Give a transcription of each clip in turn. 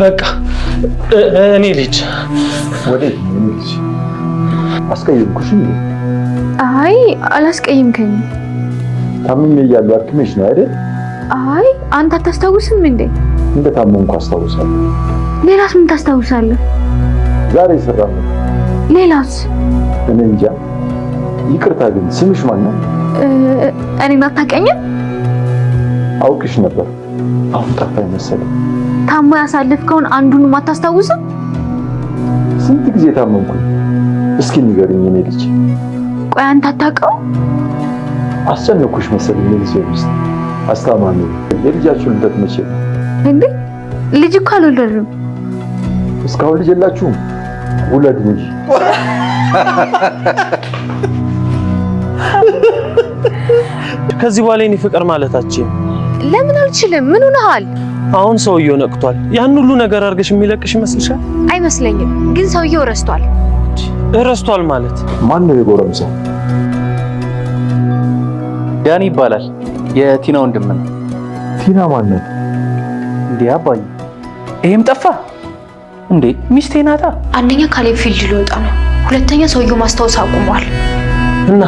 በቃ እኔ ልጅ ወዴት አስቀየምኩሽ? አይ አላስቀየምከኝ። ታምሜ እያሉ አክሜሽ ነው አይደል? አይ አንተ አታስታውስም እንዴ? እንደ ታመምኩ አስታውሳለሁ። ሌላስ ምን ታስታውሳለህ? ዛሬ ይሰራል። ሌላስ? እኔ እንጃ። ይቅርታ ግን ስምሽ ማን ነው? እኔን አታውቀኝም? አውቅሽ ነበር። አሁን ጠፋኝ መሰለኝ። ታሞ ያሳልፍከውን አንዱን አታስታውስም? ስንት ጊዜ ታመምኩኝ? እስኪ ንገርኝ የኔ ልጅ። ቆይ አንተ አታውቀው? አስጨነኩሽ መሰለኝ። የልጅ ውስጥ አስታማሚ የልጃችሁ ልደት መቼ ነው እንዴ? ልጅ እኮ አልወለድም እስካሁን። ልጅ የላችሁም? ውለድ እንጂ ከዚህ በኋላ የኔ ፍቅር ማለታችን። ለምን አልችልም? ምን ሆነሃል? አሁን ሰውየው ነቅቷል። ያን ሁሉ ነገር አድርገሽ የሚለቅሽ ይመስልሻል? አይመስለኝም። ግን ሰውየው እረስቷል። እረስቷል ማለት ማን ነው? የጎረምሰው ዳኒ ይባላል። የቲና ወንድም ነው። ቲና ማን ነው? እንዴ አባይ፣ ይሄም ጠፋ እንዴ? ሚስቴ ናታ። አንደኛ ካሌብ ፊልድ ሊወጣ ነው፣ ሁለተኛ ሰውየው ማስታወስ አቁሟል። እና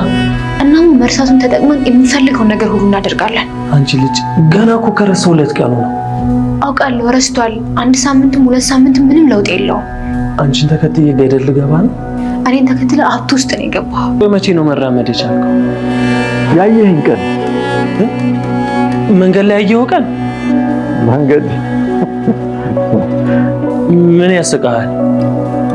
እናም መርሳቱን ተጠቅመን የምንፈልገው ነገር ሁሉ እናደርጋለን። አንቺ ልጅ ገና እኮ ከረሳው ሁለት ቀኑ ነው አውቃለሁ ረስቷል። አንድ ሳምንትም ሁለት ሳምንትም ምንም ለውጥ የለውም። አንቺን ተከትዬ ገደል ልገባ ነው። እኔን ተከትለ ሀብት ውስጥ ነው የገባው። በመቼ ነው መራመድ የቻልከው? ያየህን ቀን መንገድ ላይ ያየው ቀን መንገድ ምን ያስቀሃል?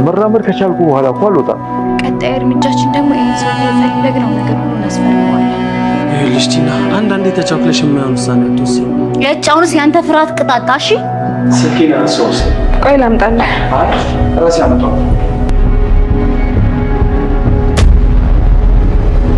መራመድ ከቻልኩ በኋላ እኮ አልወጣም። ቀጣይ እርምጃችን ደግሞ ይህን ሰው የፈለግነው ነገር ያስፈልገዋል። ይኸውልሽ ቲና፣ አንዳንዴ ተቻኩለሽ የማይሆን ውሳኔ አሁንስ ያንተ ፍርሃት ቅጣጣ። እሺ ቆይ ላምጣልህ። አይ ራሴ አመጣው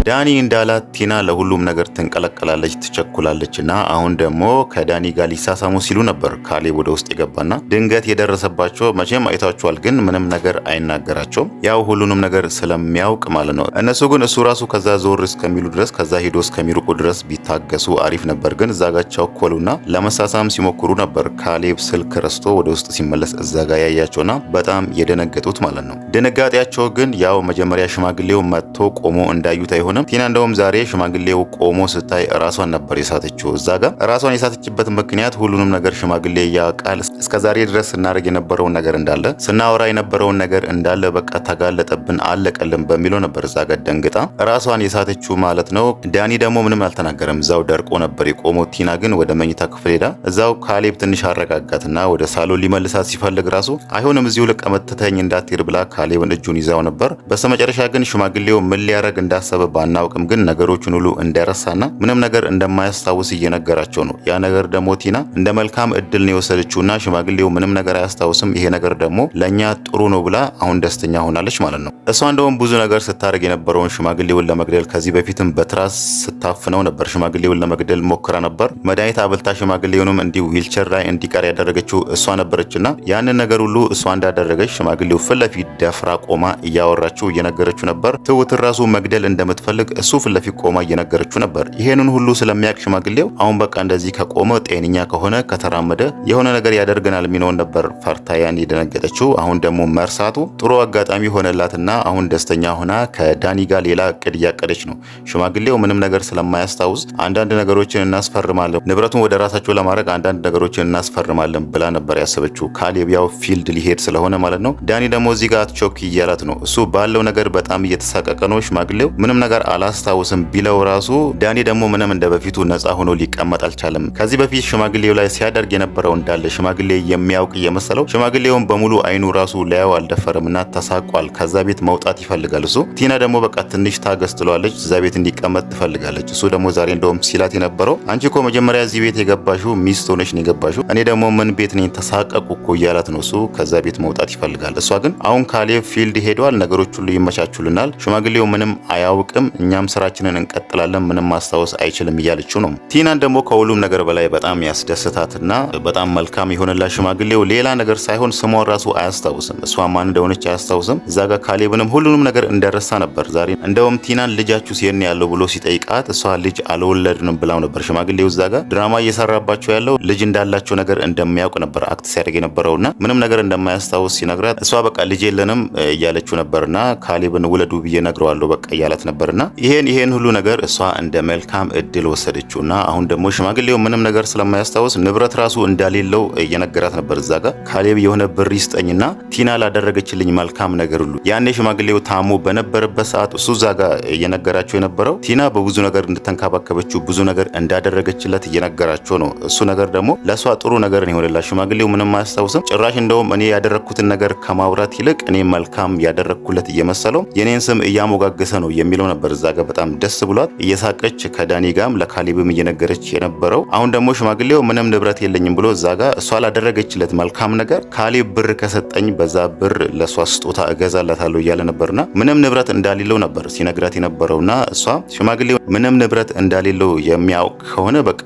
ዳኒ እንዳላት ቲና ለሁሉም ነገር ትንቀለቀላለች፣ ትቸኩላለች እና አሁን ደግሞ ከዳኒ ጋር ሊሳሳሙ ሲሉ ነበር ካሌብ ወደ ውስጥ የገባና ድንገት የደረሰባቸው መቼም አይታችኋል፣ ግን ምንም ነገር አይናገራቸውም። ያው ሁሉንም ነገር ስለሚያውቅ ማለት ነው። እነሱ ግን እሱ ራሱ ከዛ ዞር እስከሚሉ ድረስ ከዛ ሂዶ እስከሚርቁ ድረስ ቢታገሱ አሪፍ ነበር። ግን እዛ ጋ ቸኮሉና ለመሳሳም ሲሞክሩ ነበር። ካሌብ ስልክ ረስቶ ወደ ውስጥ ሲመለስ እዛ ጋ ያያቸውና በጣም የደነገጡት ማለት ነው። ድንጋጤያቸው ግን ያው መጀመሪያ ሽማግሌው መጥቶ ቆሞ እንዳዩት አይሆን ቢሆንም ቲና እንደውም ዛሬ ሽማግሌው ቆሞ ስታይ ራሷን ነበር የሳተችው። እዛ ጋር ራሷን የሳተችበት ምክንያት ሁሉንም ነገር ሽማግሌ ያውቃል። እስከ ዛሬ ድረስ ስናደርግ የነበረውን ነገር እንዳለ ስናወራ የነበረውን ነገር እንዳለ በቃ ተጋለጠብን፣ አለቀልን በሚለው ነበር እዛ ጋር ደንግጣ ራሷን የሳተችው ማለት ነው። ዳኒ ደግሞ ምንም አልተናገረም፣ እዛው ደርቆ ነበር የቆመው። ቲና ግን ወደ መኝታ ክፍል ሄዳ እዛው ካሌብ ትንሽ አረጋጋትና ወደ ሳሎን ሊመልሳት ሲፈልግ ራሱ አይሆንም እዚሁ ልቀመጥተኝ እንዳትሄድ ብላ ካሌብን እጁን ይዛው ነበር። በስተመጨረሻ ግን ሽማግሌው ምን ሊያደርግ እንዳሰበ ባናውቅም ግን ነገሮችን ሁሉ እንደረሳና ምንም ነገር እንደማያስታውስ እየነገራቸው ነው። ያ ነገር ደግሞ ቲና እንደ መልካም እድል ነው የወሰደችውና ሽማግሌው ምንም ነገር አያስታውስም፣ ይሄ ነገር ደግሞ ለእኛ ጥሩ ነው ብላ አሁን ደስተኛ ሆናለች ማለት ነው። እሷ እንደውም ብዙ ነገር ስታደርግ የነበረውን ሽማግሌውን ለመግደል ከዚህ በፊትም በትራስ ስታፍነው ነበር። ሽማግሌውን ለመግደል ሞክራ ነበር። መድኃኒት አብልታ ሽማግሌውንም እንዲሁ ዊልቸር ላይ እንዲቀር ያደረገችው እሷ ነበረችና ያንን ነገር ሁሉ እሷ እንዳደረገች ሽማግሌው ፊት ለፊት ደፍራ ቆማ እያወራችው እየነገረችው ነበር። ትሁትን ራሱ መግደል እንደምትፈ እንደምትፈልግ እሱ ፊት ለፊት ቆማ እየነገረችው ነበር። ይሄንን ሁሉ ስለሚያውቅ ሽማግሌው አሁን በቃ እንደዚህ ከቆመ ጤንኛ ከሆነ ከተራመደ የሆነ ነገር ያደርገናል የሚለውን ነበር ፈርታ ያን የደነገጠችው። አሁን ደግሞ መርሳቱ ጥሩ አጋጣሚ ሆነላትና አሁን ደስተኛ ሆና ከዳኒ ጋር ሌላ እቅድ እያቀደች ነው። ሽማግሌው ምንም ነገር ስለማያስታውስ አንዳንድ ነገሮችን እናስፈርማለን፣ ንብረቱን ወደ ራሳቸው ለማድረግ አንዳንድ ነገሮችን እናስፈርማለን ብላ ነበር ያሰበችው። ካሌብ ያው ፊልድ ሊሄድ ስለሆነ ማለት ነው። ዳኒ ደግሞ እዚህ ጋር አትቾክ እያላት ነው። እሱ ባለው ነገር በጣም እየተሳቀቀ ነው። ሽማግሌው ምንም ነገር ነገር አላስታውስም ቢለው ራሱ ዳኒ ደግሞ ምንም እንደ በፊቱ ነፃ ሆኖ ሊቀመጥ አልቻለም። ከዚህ በፊት ሽማግሌው ላይ ሲያደርግ የነበረው እንዳለ ሽማግሌ የሚያውቅ የመሰለው ሽማግሌውን በሙሉ አይኑ ራሱ ሊያየው አልደፈረም እና ተሳቋል። ከዛ ቤት መውጣት ይፈልጋል እሱ። ቲና ደግሞ በቃ ትንሽ ታገስ ትሏለች። እዛ ቤት እንዲቀመጥ ትፈልጋለች። እሱ ደግሞ ዛሬ እንደውም ሲላት የነበረው አንቺ እኮ መጀመሪያ እዚህ ቤት የገባሽው ሚስት ሆነሽ ነው የገባሽው፣ እኔ ደግሞ ምን ቤት ነኝ ተሳቀቁ እኮ እያላት ነው እሱ። ከዛ ቤት መውጣት ይፈልጋል። እሷ ግን አሁን ካሌብ ፊልድ ሄደዋል፣ ነገሮች ሁሉ ይመቻችሉናል፣ ሽማግሌው ምንም አያውቅም፣ እኛም ስራችንን እንቀጥላለን፣ ምንም ማስታወስ አይችልም እያለችው ነው። ቲናን ደግሞ ከሁሉም ነገር በላይ በጣም ያስደስታትና በጣም መልካም የሆነላት ሽማግሌው ሌላ ነገር ሳይሆን ስሟን ራሱ አያስታውስም፣ እሷ ማን እንደሆነች አያስታውስም። እዛ ጋር ካሌብንም ሁሉንም ነገር እንደረሳ ነበር። ዛሬ እንደውም ቲናን ልጃችሁ ሲሄን ያለው ብሎ ሲጠይቃት እሷ ልጅ አልወለድንም ብላው ነበር። ሽማግሌው እዛ ጋር ድራማ እየሰራባቸው ያለው ልጅ እንዳላቸው ነገር እንደሚያውቅ ነበር አክት ሲያደርግ የነበረውና ምንም ነገር እንደማያስታውስ ሲነግራት እሷ በቃ ልጅ የለንም እያለችው ነበርና ካሌብን ውለዱ ብዬ ነግረዋለሁ በቃ እያላት ነበርና ነበርና ይሄን ይሄን ሁሉ ነገር እሷ እንደ መልካም እድል ወሰደችውና አሁን ደግሞ ሽማግሌው ምንም ነገር ስለማያስታውስ ንብረት ራሱ እንዳሌለው እየነገራት ነበር። እዛ ጋር ካሌብ የሆነ ብር ይስጠኝና ቲና ላደረገችልኝ መልካም ነገር ሁሉ ያኔ ሽማግሌው ታሞ በነበረበት ሰዓት እሱ እዛ ጋር እየነገራቸው የነበረው ቲና በብዙ ነገር እንደተንከባከበችው ብዙ ነገር እንዳደረገችለት እየነገራቸው ነው። እሱ ነገር ደግሞ ለእሷ ጥሩ ነገር ይሆንላት። ሽማግሌው ምንም አያስታውስም። ጭራሽ እንደውም እኔ ያደረግኩትን ነገር ከማውራት ይልቅ እኔ መልካም ያደረግኩለት እየመሰለው የኔን ስም እያሞጋገሰ ነው የሚለው ነበር ነበር እዛ ጋር በጣም ደስ ብሏት እየሳቀች ከዳኒ ጋም ለካሊብም እየነገረች የነበረው። አሁን ደግሞ ሽማግሌው ምንም ንብረት የለኝም ብሎ እዛ ጋር እሷ ላደረገችለት መልካም ነገር ካሊብ ብር ከሰጠኝ በዛ ብር ለእሷ ስጦታ እገዛላታለሁ እያለ ነበርና ምንም ንብረት እንዳሌለው ነበር ሲነግራት የነበረውና እሷ ሽማግሌው ምንም ንብረት እንዳሌለው የሚያውቅ ከሆነ በቃ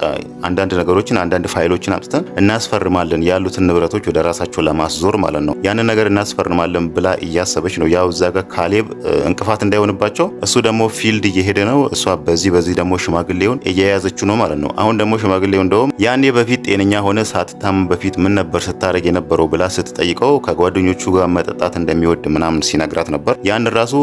አንዳንድ ነገሮችን አንዳንድ ፋይሎችን አምጥተን እናስፈርማለን ያሉትን ንብረቶች ወደ ራሳቸው ለማስዞር ማለት ነው። ያንን ነገር እናስፈርማለን ብላ እያሰበች ነው። ያው እዛ ጋር ካሌብ እንቅፋት እንዳይሆንባቸው እሱ ደግሞ ፊልድ እየሄደ ነው። እሷ በዚህ በዚህ ደግሞ ሽማግሌውን እየያዘችው ነው ማለት ነው። አሁን ደግሞ ሽማግሌው እንደውም ያኔ በፊት ጤነኛ ሆነ ሳትታም በፊት ምን ነበር ስታደርግ የነበረው ብላ ስትጠይቀው ከጓደኞቹ ጋር መጠጣት እንደሚወድ ምናምን ሲነግራት ነበር። ያን ራሱ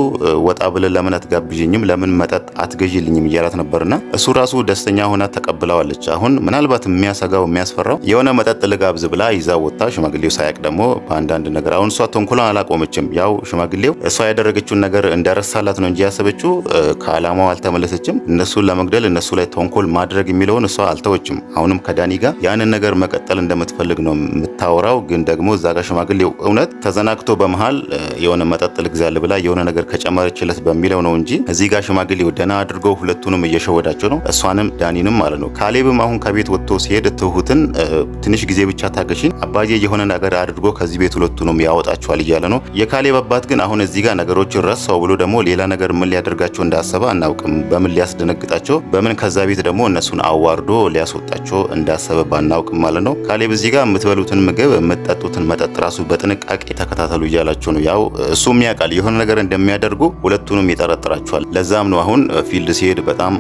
ወጣ ብለ ለምን አትጋብዥኝም፣ ለምን መጠጥ አትገዥልኝም እያላት ነበርና እሱ ራሱ ደስተኛ ሆና ተቀብለዋለች። አሁን ምናልባት የሚያሰጋው የሚያስፈራው የሆነ መጠጥ ልጋብዝ ብላ ይዛ ወጥታ ሽማግሌው ሳያቅ ደግሞ በአንዳንድ ነገር አሁን እሷ ተንኮሏን አላቆመችም። ያው ሽማግሌው እሷ ያደረገችውን ነገር እንደረሳላት ነው እንጂ ያሰበችው ከዓላማው አልተመለሰችም። እነሱን ለመግደል እነሱ ላይ ተንኮል ማድረግ የሚለውን እሷ አልተወችም። አሁንም ከዳኒ ጋር ያንን ነገር መቀጠል እንደምትፈልግ ነው የምታወራው። ግን ደግሞ እዛ ጋር ሽማግሌው እውነት ተዘናግቶ በመሃል የሆነ መጠጥ ልግዛል ብላ የሆነ ነገር ከጨመረችለት በሚለው ነው እንጂ እዚህ ጋር ሽማግሌው ደና አድርገው ሁለቱንም እየሸወዳቸው ነው፣ እሷንም ዳኒንም ማለት ነው። ካሌብም አሁን ከቤት ወጥቶ ሲሄድ ትሁትን ትንሽ ጊዜ ብቻ ታገሽን፣ አባዬ የሆነ ነገር አድርጎ ከዚህ ቤት ሁለቱንም ያወጣቸዋል እያለ ነው። የካሌብ አባት ግን አሁን እዚህ ጋር ነገሮችን ረሳው ብሎ ደግሞ ሌላ ነገር ምን ሊያደርጋቸው ሊያደርጋቸው እንዳሰበ አናውቅም። በምን ሊያስደነግጣቸው፣ በምን ከዛ ቤት ደግሞ እነሱን አዋርዶ ሊያስወጣቸው እንዳሰበ ባናውቅም ማለት ነው። ካሌብ እዚህ ጋር የምትበሉትን ምግብ የምትጠጡትን መጠጥ ራሱ በጥንቃቄ ተከታተሉ እያላቸው ነው። ያው እሱም ያውቃል የሆነ ነገር እንደሚያደርጉ ሁለቱንም ይጠረጥራቸዋል። ለዛም ነው አሁን ፊልድ ሲሄድ በጣም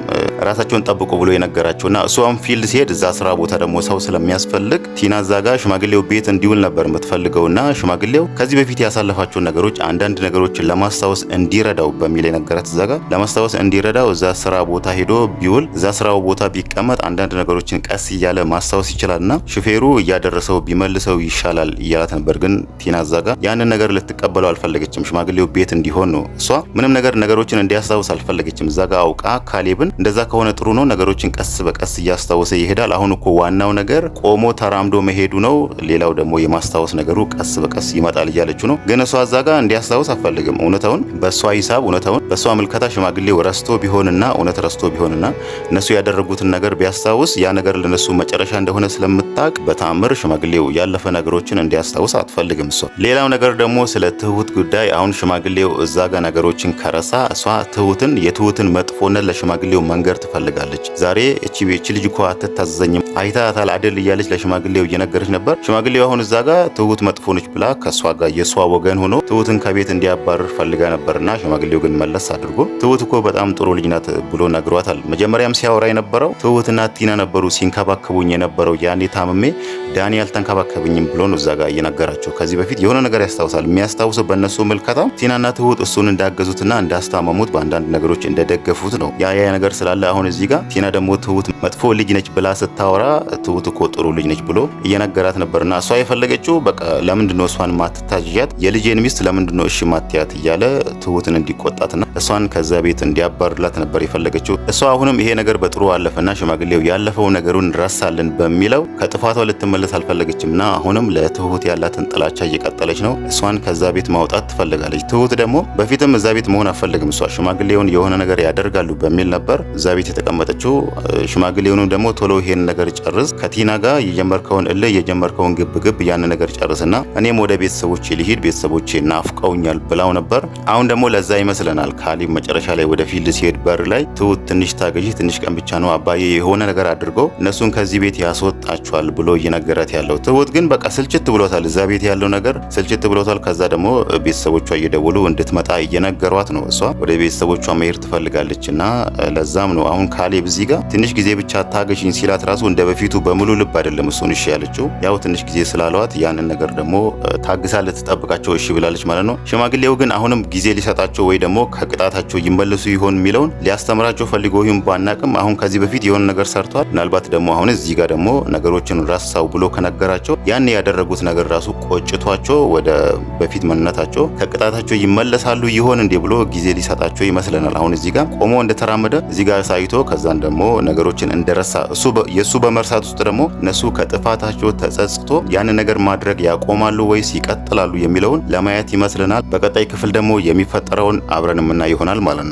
ራሳቸውን ጠብቁ ብሎ የነገራቸውና እሷም ፊልድ ሲሄድ እዛ ስራ ቦታ ደግሞ ሰው ስለሚያስፈልግ ቲና እዛ ጋር ሽማግሌው ቤት እንዲውል ነበር የምትፈልገውና ሽማግሌው ከዚህ በፊት ያሳለፋቸውን ነገሮች አንዳንድ ነገሮችን ለማስታወስ እንዲረዳው በሚል የነገረት እዛ ጋር ለማስታወስ እንዲረዳው እዛ ስራ ቦታ ሄዶ ቢውል እዛ ስራው ቦታ ቢቀመጥ አንዳንድ ነገሮችን ቀስ እያለ ማስታወስ ይችላልና ሹፌሩ እያደረሰው ቢመልሰው ይሻላል እያላት ነበር። ግን ቲና እዛ ያንን ነገር ልትቀበለው አልፈለገችም። ሽማግሌው ቤት እንዲሆን ነው እሷ ምንም ነገር ነገሮችን እንዲያስታውስ አልፈለገችም። ዛጋ አውቃ ካሌብን እንደዛ ከሆነ ጥሩ ነው፣ ነገሮችን ቀስ በቀስ እያስታወሰ ይሄዳል። አሁን እኮ ዋናው ነገር ቆሞ ተራምዶ መሄዱ ነው። ሌላው ደግሞ የማስታወስ ነገሩ ቀስ በቀስ ይመጣል እያለችው ነው። ግን እሷ እዛ እንዲያስታውስ አልፈልግም። እውነታውን በእሷ ሂሳብ እውነታውን በእሷ ምልከታ ሽማግሌው ረስቶ ቢሆንና እውነት ረስቶ ቢሆንና እነሱ ያደረጉትን ነገር ቢያስታውስ ያ ነገር ለነሱ መጨረሻ እንደሆነ ስለምታቅ በተአምር ሽማግሌው ያለፈ ነገሮችን እንዲያስታውስ አትፈልግም። እሷ ሌላው ነገር ደግሞ ስለ ትሁት ጉዳይ አሁን ሽማግሌው እዛ ጋር ነገሮችን ከረሳ እሷ ትሁትን የትሁትን መጥፎነት ለሽማግሌው መንገር ትፈልጋለች። ዛሬ እቺ ቤች ልጅ እኮ አትታዘኝም አይታታል አይደል እያለች ለሽማግሌው እየነገረች ነበር። ሽማግሌው አሁን እዛ ጋር ትሁት መጥፎ ነች ብላ ከእሷ ጋር የእሷ ወገን ሆኖ ትሁትን ከቤት እንዲያባርር ፈልጋ ነበርና ሽማግሌው ግን መለስ አድርጎ ትሁት እኮ በጣም ጥሩ ልጅ ናት ብሎ ነግሯታል። መጀመሪያም ሲያወራ የነበረው ትሁትና ቲና ነበሩ ሲንከባከቡኝ የነበረው ያኔ ታምሜ ዳኒ አልተንከባከብኝም ብሎ ነው እዛ ጋር እየነገራቸው። ከዚህ በፊት የሆነ ነገር ያስታውሳል። የሚያስታውሰው በእነሱ ምልከታ ቲናና ትሁት እሱን እንዳገዙትና እንዳስታመሙት በአንዳንድ ነገሮች እንደደገፉት ነው። ያ ያ ነገር ስላለ አሁን እዚህ ጋር ቲና ደግሞ ትሁት መጥፎ ልጅ ነች ብላ ስታወራ ትሁት እኮ ጥሩ ልጅ ነች ብሎ እየነገራት ነበርና እሷ የፈለገችው በቃ ለምንድን ነው እሷን ማትታጅያት የልጄን ሚስት ለምንድን ነው እሺ ማትያት እያለ ትሁትን እንዲቆጣትና እሷን ከዛ ቤት እንዲያባርላት ነበር የፈለገችው። እሷ አሁንም ይሄ ነገር በጥሩ አለፈና ሽማግሌው ያለፈው ነገሩን ረሳልን በሚለው ከጥፋቷ ልትመለስ አልፈለገችምና አሁንም ለትሁት ያላትን ጥላቻ እየቀጠለች ነው። እሷን ከዛ ቤት ማውጣት ትፈልጋለች። ትሁት ደግሞ በፊትም እዛ ቤት መሆን አፈልግም፣ እሷ ሽማግሌውን የሆነ ነገር ያደርጋሉ በሚል ነበር እዛ ቤት የተቀመጠችው። ሽማግሌውንም ደግሞ ቶሎ ይሄን ነገር ጨርስ፣ ከቲና ጋር የጀመርከውን እልህ የጀመርከውን ግብ ግብ ያን ነገር ጨርስና እኔም ወደ ቤተሰቦቼ ልሂድ፣ ቤተሰቦቼ ናፍቀውኛል ብላው ነበር። አሁን ደግሞ ለዛ ይመስለናል ካሌብ መጨረሻ ላይ ወደ ፊልድ ሲሄድ በር ላይ ትሁት ትንሽ ታገዢ፣ ትንሽ ቀን ብቻ ነው አባዬ የሆነ ነገር አድርጎ እነሱን ከዚህ ቤት ያስወጣቸዋል ብሎ እየነገረት ያለው። ትሁት ግን በቃ ስልችት ብሎታል፣ እዛ ቤት ያለው ነገር ስልችት ብሎታል። ከዛ ደግሞ ቤተሰቦቿ እየደወሉ እንድትመጣ እየነገሯት ነው። እሷ ወደ ቤተሰቦቿ መሄድ ትፈልጋለች እና ለዛም ነው አሁን ካሌብ እዚህ ጋር ትንሽ ጊዜ ብቻ ታገሽኝ ሲላት ራሱ እንደ በፊቱ በሙሉ ልብ አይደለም እሱን እሺ ያለችው። ያው ትንሽ ጊዜ ስላለዋት ያንን ነገር ደግሞ ታግሳ ልትጠብቃቸው እሺ ብላለች ማለት ነው። ሽማግሌው ግን አሁንም ጊዜ ሊሰጣቸው ወይ ደግሞ ከቅጣታቸው ይመ ይመልሱ ይሆን የሚለውን ሊያስተምራቸው ፈልጎ ይሁን ባናቅም አሁን ከዚህ በፊት የሆነ ነገር ሰርተዋል። ምናልባት ደግሞ አሁን እዚህ ጋር ደግሞ ነገሮችን ራሳው ብሎ ከነገራቸው ያን ያደረጉት ነገር ራሱ ቆጭቷቸው ወደ በፊት ማንነታቸው ከቅጣታቸው ይመለሳሉ ይሆን እንዴ ብሎ ጊዜ ሊሰጣቸው ይመስለናል። አሁን እዚህ ጋር ቆሞ እንደተራመደ እዚህ ጋር ሳይቶ ከዛን ደግሞ ነገሮችን እንደረሳ እሱ የእሱ በመርሳት ውስጥ ደግሞ እነሱ ከጥፋታቸው ተጸጽቶ ያንን ነገር ማድረግ ያቆማሉ ወይስ ይቀጥላሉ የሚለውን ለማየት ይመስለናል። በቀጣይ ክፍል ደግሞ የሚፈጠረውን አብረን የምናይ ይሆናል ማለት ነው።